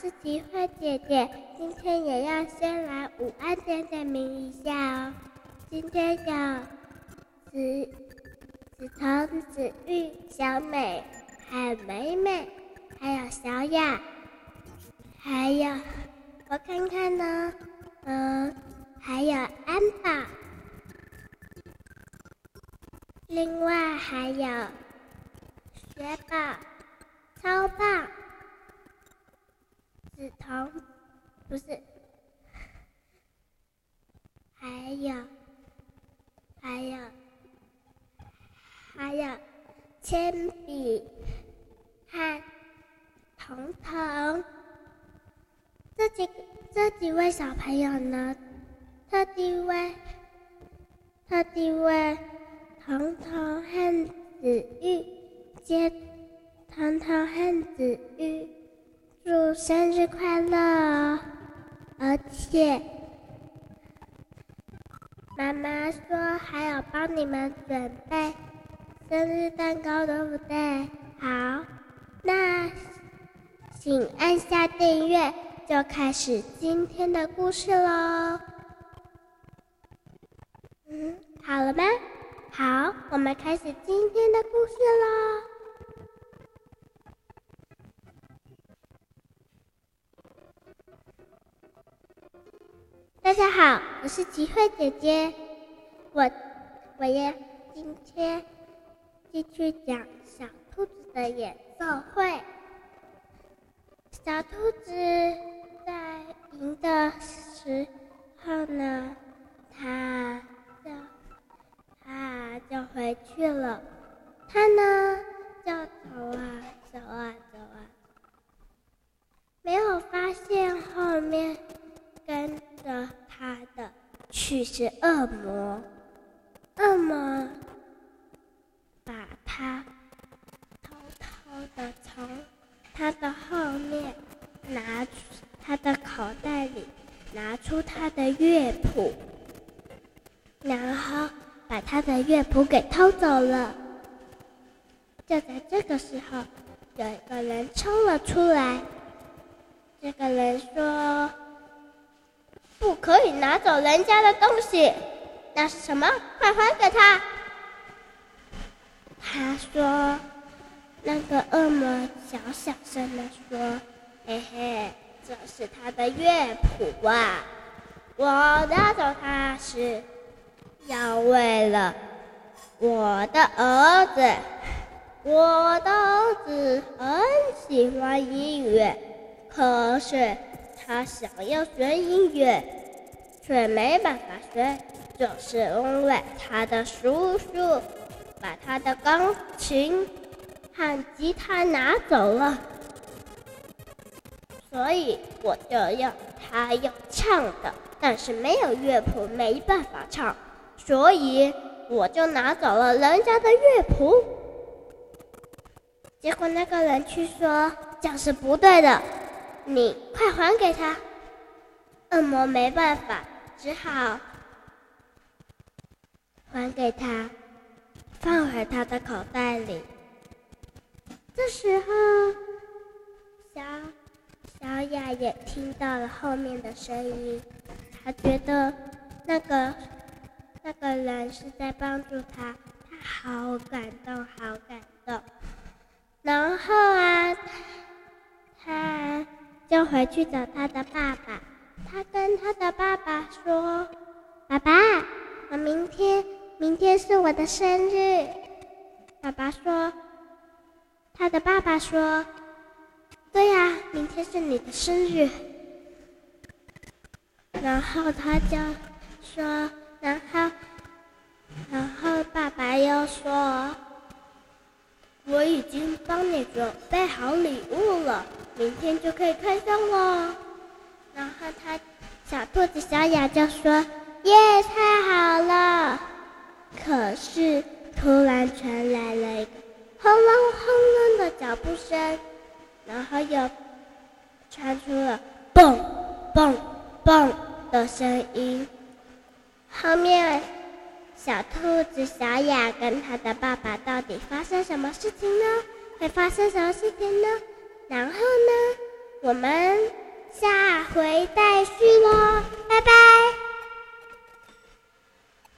是奇慧姐姐，今天也要先來午安點點名一下哦。今天有紫紫彤、紫玉、小美、還有美美，還有小雅，還有我看看呢，嗯、呃，還有安寶。另外還有雪寶，超棒！紫彤，不是，還有，還有，還有，鉛筆，和彤彤，這幾這幾位小朋友呢？特地為特地為彤彤和子玉接，彤彤和子玉，祝生日快樂哦，而且媽媽說還要幫你們準備生日蛋糕，對不對？好，那請按下訂閱，就開始今天的故事嘍。嗯，好了嗎？好，我們開始今天的故事嘍。大家好，我是齊慧姐姐，我我也今天繼續講小兔子的演奏會。小兔子在贏的時候呢，它就它就回去了，它呢？跟着他的卻是惡魔，惡魔把他偷偷的從他的後面拿出，他的口袋裡拿出他的樂譜，然後把他的樂譜給偷走了。就在這個時候，有一個人衝了出來，這個人說。可以拿走人家的東西，那是什麼？快還給他！他說，那個惡魔小小聲地說：“嘿嘿，這是他的樂譜啊！我拿走它是要為了我的兒子。我的兒子很喜歡音樂，可是他想要學音樂。”卻沒辦法學，就是因為他的叔叔把他的鋼琴和吉他拿走了，所以我就要他要唱的，但是沒有樂譜沒辦法唱，所以我就拿走了人家的樂譜。結果那個人卻說這樣是不對的，你快還給他。惡魔沒辦法。只好還給他，放回他的口袋裡。這時候，小小雅也聽到了後面的聲音，她覺得那個那個人是在幫助她，她好感動，好感動。然後啊，她就回去找她的爸爸。他跟他的爸爸說：“爸爸，我明天，明天是我的生日。”爸爸說：“他的爸爸說，對呀、啊，明天是你的生日。”然後他就說：“然後，然後爸爸又說，我已經幫你準備好禮物了，明天就可以開箱了。”然後他，小兔子小雅就說：“耶，太好了！”可是突然傳來了一個轟隆轟隆的腳步聲，然後又傳出了蹦蹦蹦的聲音。後面小兔子小雅跟他的爸爸到底發生什麼事情呢？會發生什麼事情呢？然後呢？我們。下回再續嘍，拜拜。